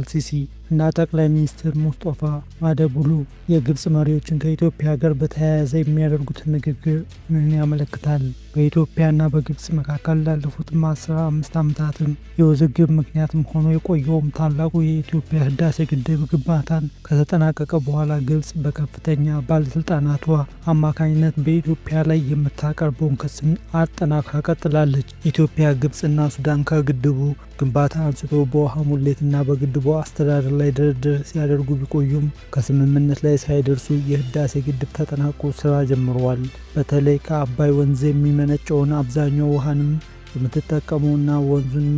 አልሲሲ እና ጠቅላይ ሚኒስትር ሙስጦፋ ማደቡሉ የግብፅ መሪዎችን ከኢትዮጵያ ጋር በተያያዘ የሚያደርጉትን ንግግር ምን ያመለክታል? በኢትዮጵያና በግብፅ መካከል ላለፉት አስራ አምስት ዓመታትም የውዝግብ ምክንያትም ሆኖ የቆየውም ታላቁ የኢትዮጵያ ህዳሴ ግድብ ግንባታን ከተጠናቀቀ በኋላ ግብፅ በከፍተኛ ባለስልጣናቷ አማካኝነት በኢትዮጵያ ላይ የምታቀርበውን ክስን አጠናክራ ቀጥላለች። ኢትዮጵያ፣ ግብፅና ሱዳን ከግድቡ ግንባታ አንስቶ በውሃ ሙሌትና በግድቡ አስተዳደር ላይ ድርድር ሲያደርጉ ቢቆዩም ከስምምነት ላይ ሳይደርሱ የህዳሴ ግድብ ተጠናቆ ስራ ጀምረዋል። በተለይ ከአባይ ወንዝ የሚመነጨውን አብዛኛው ውሃንም የምትጠቀመውና ወንዙን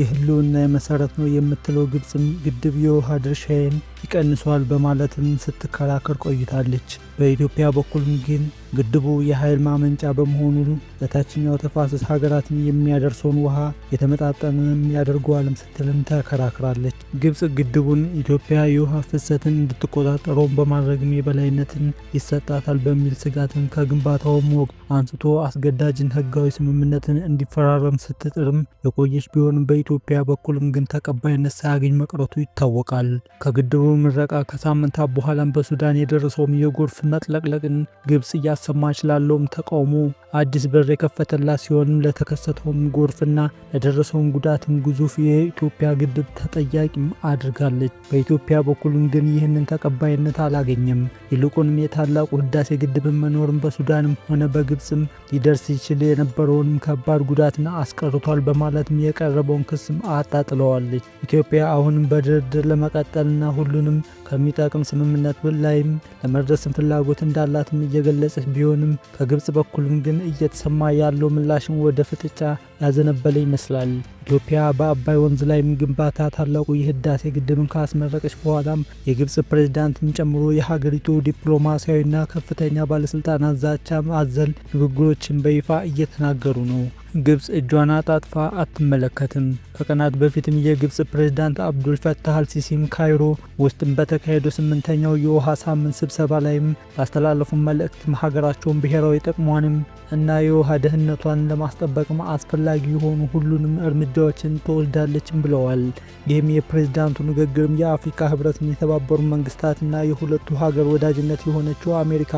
የህልውና የመሰረት ነው የምትለው ግብፅም ግድብ የውሃ ድርሻዬን ይቀንሷል በማለትም ስትከራከር ቆይታለች። በኢትዮጵያ በኩልም ግን ግድቡ የኃይል ማመንጫ በመሆኑ ለታችኛው ተፋሰስ ሀገራትን የሚያደርሰውን ውሃ የተመጣጠንም ያደርገዋልም ስትልም ተከራክራለች። ግብፅ ግድቡን ኢትዮጵያ የውሃ ፍሰትን እንድትቆጣጠረውን በማድረግም የበላይነትን ይሰጣታል በሚል ስጋትን ከግንባታውም ወቅት አንስቶ አስገዳጅን ህጋዊ ስምምነትን እንዲፈራረም ስትጥርም የቆየች ቢሆንም በኢትዮጵያ በኩልም ግን ተቀባይነት ሳያገኝ መቅረቱ ይታወቃል። ከግድቡ ምረቃ ከሳምንታት በኋላም በሱዳን የደረሰውም የጎርፍ መጥለቅለቅን ግብፅ እያሰማች ላለውም ተቃውሞ አዲስ በር የከፈተላት ሲሆንም ለተከሰተውም ጎርፍና ለደረሰውም ጉዳትም ግዙፍ የኢትዮጵያ ግድብ ተጠያቂም አድርጋለች። በኢትዮጵያ በኩልም ግን ይህንን ተቀባይነት አላገኘም። ይልቁንም የታላቁ ህዳሴ ግድብን መኖርም በሱዳንም ሆነ በግብፅም ሊደርስ ይችል የነበረውንም ከባድ ጉዳትን አስቀርቷል በማለትም የቀረበውን ክስም አጣጥለዋለች። ኢትዮጵያ አሁንም በድርድር ለመቀጠልና ሁሉ ሁሉንም ከሚጠቅም ስምምነት ላይም ለመድረስም ፍላጎት እንዳላትም እየገለጸች ቢሆንም ከግብፅ በኩልም ግን እየተሰማ ያለው ምላሽን ወደ ፍጥጫ ያዘነበለ ይመስላል። ኢትዮጵያ በአባይ ወንዝ ላይ ግንባታ ታላቁ የህዳሴ ግድብን ካስመረቀች በኋላም የግብጽ ፕሬዝዳንትን ጨምሮ የሀገሪቱ ዲፕሎማሲያዊና ከፍተኛ ባለስልጣናት ዛቻ አዘል ንግግሮችን በይፋ እየተናገሩ ነው። ግብጽ እጇን አጣጥፋ አትመለከትም። ከቀናት በፊትም የግብጽ ፕሬዝዳንት አብዱልፈታህ አልሲሲም ካይሮ ውስጥም በተካሄደው ስምንተኛው የውሃ ሳምንት ስብሰባ ላይም ባስተላለፉ መልእክትም ሀገራቸውን ብሔራዊ ጥቅሟንም እና የውሃ ደህንነቷን ለማስጠበቅም አስፈላጊ የሆኑ ሁሉንም እርምጃ ጉዳዮችን ትወስዳለችም ብለዋል። ይህም የፕሬዝዳንቱ ንግግርም የአፍሪካ ህብረትን የተባበሩ መንግስታትና የሁለቱ ሀገር ወዳጅነት የሆነችው አሜሪካ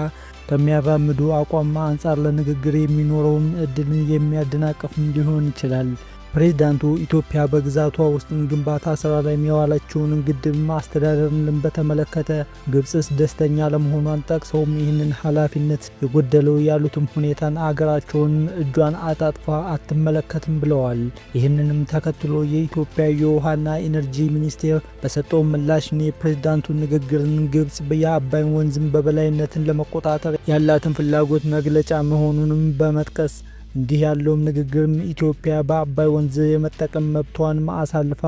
ከሚያራምዱ አቋም አንጻር ለንግግር የሚኖረውም እድልን የሚያደናቅፍም ሊሆን ይችላል። ፕሬዚዳንቱ ኢትዮጵያ በግዛቷ ውስጥ ግንባታ ስራ ላይ የሚያዋላቸውን ግድብ አስተዳደርን በተመለከተ ግብጽስ ደስተኛ ለመሆኗን ጠቅሰውም ይህንን ኃላፊነት የጎደለው ያሉትም ሁኔታን አገራቸውን እጇን አጣጥፋ አትመለከትም ብለዋል። ይህንንም ተከትሎ የኢትዮጵያ የውሃና ኢነርጂ ሚኒስቴር በሰጠው ምላሽ የፕሬዝዳንቱ ንግግርን ግብጽ የአባይን ወንዝም በበላይነትን ለመቆጣጠር ያላትን ፍላጎት መግለጫ መሆኑንም በመጥቀስ እንዲህ ያለውም ንግግርም ኢትዮጵያ በአባይ ወንዝ የመጠቀም መብቷን አሳልፋ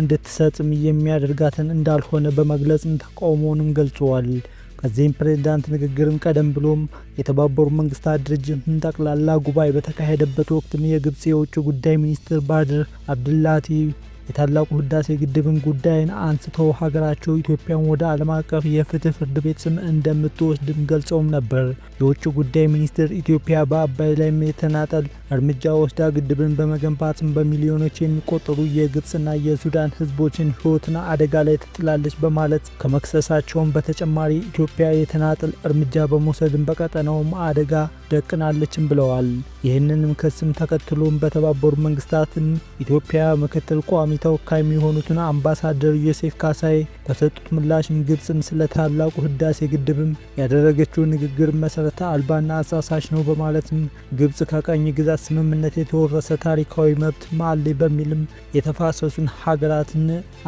እንድትሰጥም የሚያደርጋትን እንዳልሆነ በመግለጽም ተቃውሞውንም ገልጸዋል። ከዚህም ፕሬዚዳንት ንግግርም ቀደም ብሎም የተባበሩ መንግስታት ድርጅት ጠቅላላ ጉባኤ በተካሄደበት ወቅትም የግብፅ የውጭ ጉዳይ ሚኒስትር ባድር አብድላቲ የታላቁ ህዳሴ ግድብን ጉዳይን አንስተው ሀገራቸው ኢትዮጵያን ወደ ዓለም አቀፍ የፍትህ ፍርድ ቤት ስም እንደምትወስድም ገልጸውም ነበር። የውጭ ጉዳይ ሚኒስትር ኢትዮጵያ በአባይ ላይ የተናጠል እርምጃ ወስዳ ግድብን በመገንባትም በሚሊዮኖች የሚቆጠሩ የግብፅና የሱዳን ህዝቦችን ህይወትና አደጋ ላይ ትጥላለች በማለት ከመክሰሳቸውም በተጨማሪ ኢትዮጵያ የተናጠል እርምጃ በመውሰድን በቀጠናውም አደጋ ደቅናለችም ብለዋል። ይህንንም ክስም ተከትሎም በተባበሩት መንግስታትም ኢትዮጵያ ምክትል ቋሚ ተወካይ የሚሆኑትን አምባሳደር ዮሴፍ ካሳይ በሰጡት ምላሽም ግብፅም ስለ ታላቁ ህዳሴ ግድብም ያደረገችው ንግግር መሰረተ አልባና አሳሳሽ ነው በማለትም ግብፅ ከቀኝ ግዛት ስምምነት የተወረሰ ታሪካዊ መብት ማሌ በሚልም የተፋሰሱን ሀገራትን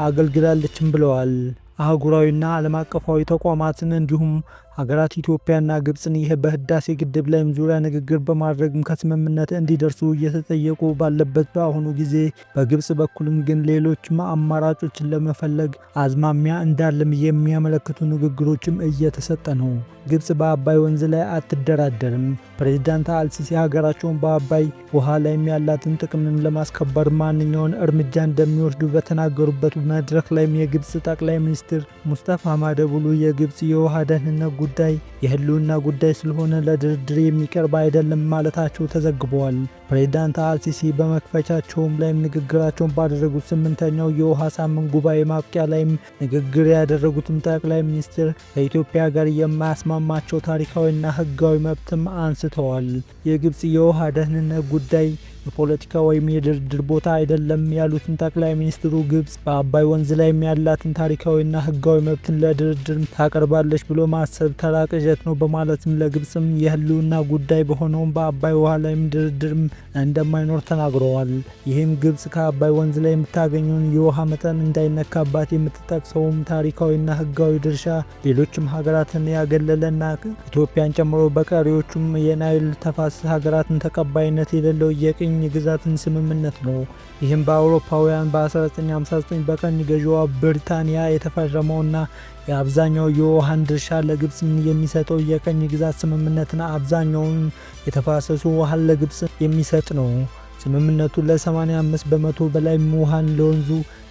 አገልግላለችም ብለዋል። አህጉራዊና ዓለም አቀፋዊ ተቋማትን እንዲሁም ሀገራት ኢትዮጵያና ግብፅን ይህ በህዳሴ ግድብ ላይም ዙሪያ ንግግር በማድረግም ከስምምነት እንዲደርሱ እየተጠየቁ ባለበት በአሁኑ ጊዜ በግብፅ በኩልም ግን ሌሎችም አማራጮችን ለመፈለግ አዝማሚያ እንዳለም የሚያመለክቱ ንግግሮችም እየተሰጠ ነው። ግብፅ በአባይ ወንዝ ላይ አትደራደርም። ፕሬዚዳንት አልሲሲ ሀገራቸውን በአባይ ውሃ ላይም ያላትን ጥቅምም ለማስከበር ማንኛውን እርምጃ እንደሚወስዱ በተናገሩበት መድረክ ላይም የግብፅ ጠቅላይ ሚኒስትር ሙስጠፋ ማደቡሉ የግብፅ የውሃ ደህንነት ጉዳይ የህልውና ጉዳይ ስለሆነ ለድርድር የሚቀርብ አይደለም ማለታቸው ተዘግበዋል። ፕሬዚዳንት አልሲሲ በመክፈቻቸውም ላይም ንግግራቸውን ባደረጉት ስምንተኛው የውሃ ሳምንት ጉባኤ ማብቂያ ላይም ንግግር ያደረጉትም ጠቅላይ ሚኒስትር ከኢትዮጵያ ጋር የማያስማማቸው ታሪካዊና ህጋዊ መብትም አንስተዋል። የግብፅ የውሃ ደህንነት ጉዳይ የፖለቲካ ወይም የድርድር ቦታ አይደለም ያሉትን ጠቅላይ ሚኒስትሩ ግብፅ በአባይ ወንዝ ላይም ያላትን ታሪካዊና ህጋዊ መብትን ለድርድር ታቀርባለች ብሎ ማሰብ ተላቅ ጀት ነው በማለትም ለግብፅም የህልውና ጉዳይ በሆነውም በአባይ ውሃ ላይም ድርድርም እንደማይኖር ተናግረዋል። ይህም ግብፅ ከአባይ ወንዝ ላይ የምታገኘውን የውሃ መጠን እንዳይነካባት የምትጠቅሰውም ታሪካዊና ህጋዊ ድርሻ ሌሎችም ሀገራትን ያገለለና ኢትዮጵያን ጨምሮ በቀሪዎቹም የናይል ተፋሰስ ሀገራትን ተቀባይነት የሌለው የቅኝ ግዛትን ስምምነት ነው። ይህም በአውሮፓውያን በ1959 በቀኝ ገዢዋ ብሪታንያ የተፈረመውና የአብዛኛው የውሃን ድርሻ ለግብፅ የሚሰጠው የቀኝ ግዛት ስምምነትን አብዛኛውን የተፋሰሱ ውሃን ለግብፅ የሚሰጥ ነው። ስምምነቱ ለ85 በመቶ በላይ ውሃን ለወንዙ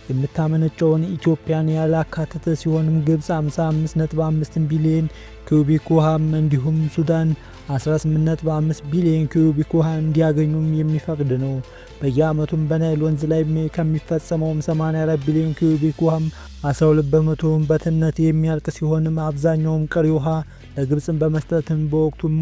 የምታመነጨውን ኢትዮጵያን ያላካተተ ሲሆንም ግብፅ 55.5 ቢሊዮን ኪዩቢክ ውሃም እንዲሁም ሱዳን 18.5 ቢሊዮን ኪዩቢክ ውሃ እንዲያገኙም የሚፈቅድ ነው። በየዓመቱም በናይል ወንዝ ላይ ከሚፈጸመውም 84 ቢሊዮን ኪዩቢክ ውሃም 12 በመቶውን በትነት የሚያልቅ ሲሆንም አብዛኛውም ቀሪ ውሃ ለግብፅን በመስጠትም በወቅቱም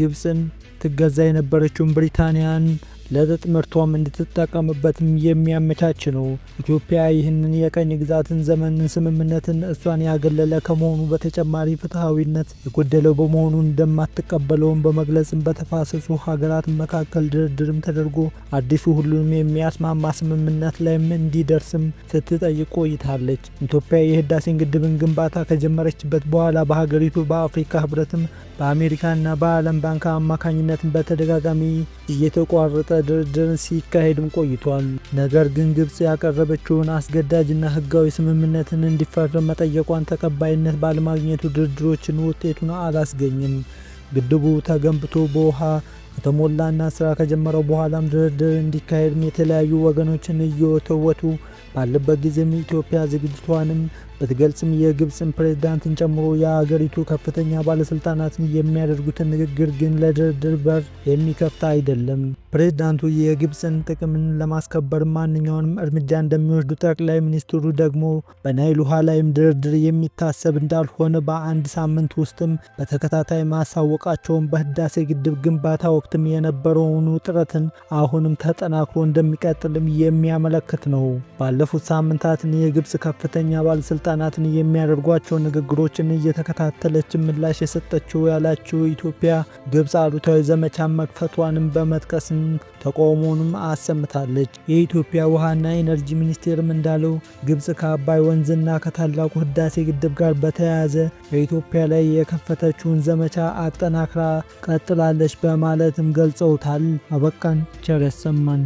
ግብፅን ትገዛ የነበረችውን ብሪታንያን ለትምህርቷም እንድትጠቀምበትም የሚያመቻች ነው። ኢትዮጵያ ይህንን የቀኝ ግዛትን ዘመንን ስምምነትን እሷን ያገለለ ከመሆኑ በተጨማሪ ፍትሐዊነት የጎደለው በመሆኑ እንደማትቀበለውን በመግለጽም በተፋሰሱ ሀገራት መካከል ድርድርም ተደርጎ አዲሱ ሁሉንም የሚያስማማ ስምምነት ላይም እንዲደርስም ስትጠይቅ ቆይታለች። ኢትዮጵያ የህዳሴን ግድብን ግንባታ ከጀመረችበት በኋላ በሀገሪቱ በአፍሪካ ህብረትም በአሜሪካና በዓለም ባንክ አማካኝነትም በተደጋጋሚ እየተቋረጠ ድርድር ሲካሄድም ቆይቷል። ነገር ግን ግብጽ ያቀረበችውን አስገዳጅና ህጋዊ ስምምነትን እንዲፈርም መጠየቋን ተቀባይነት ባለማግኘቱ ድርድሮችን ውጤቱን አላስገኝም። ግድቡ ተገንብቶ በውሃ ከተሞላና ስራ ከጀመረው በኋላም ድርድር እንዲካሄድም የተለያዩ ወገኖችን እየወተወቱ ባለበት ጊዜም ኢትዮጵያ ዝግጅቷንም ብትገልጽም የግብፅን ፕሬዝዳንትን ጨምሮ የአገሪቱ ከፍተኛ ባለስልጣናትን የሚያደርጉትን ንግግር ግን ለድርድር በር የሚከፍት አይደለም። ፕሬዝዳንቱ የግብፅን ጥቅምን ለማስከበር ማንኛውንም እርምጃ እንደሚወስዱ፣ ጠቅላይ ሚኒስትሩ ደግሞ በናይል ውሃ ላይም ድርድር የሚታሰብ እንዳልሆነ በአንድ ሳምንት ውስጥም በተከታታይ ማሳወቃቸውን በህዳሴ ግድብ ግንባታ ወቅትም የነበረውን ውጥረትን አሁንም ተጠናክሮ እንደሚቀጥልም የሚያመለክት ነው። ባለፉት ሳምንታትን የግብፅ ከፍተኛ ባለስልጣ ባለስልጣናትን የሚያደርጓቸው ንግግሮችን እየተከታተለች ምላሽ የሰጠችው ያላችው ኢትዮጵያ ግብፅ አሉታዊ ዘመቻ መክፈቷንም በመጥቀስም ተቃውሞንም አሰምታለች። የኢትዮጵያ ውሃና ኤነርጂ ሚኒስቴርም እንዳለው ግብፅ ከአባይ ወንዝና ከታላቁ ህዳሴ ግድብ ጋር በተያያዘ በኢትዮጵያ ላይ የከፈተችውን ዘመቻ አጠናክራ ቀጥላለች በማለትም ገልጸውታል። አበቃን። ቸር ያሰማን።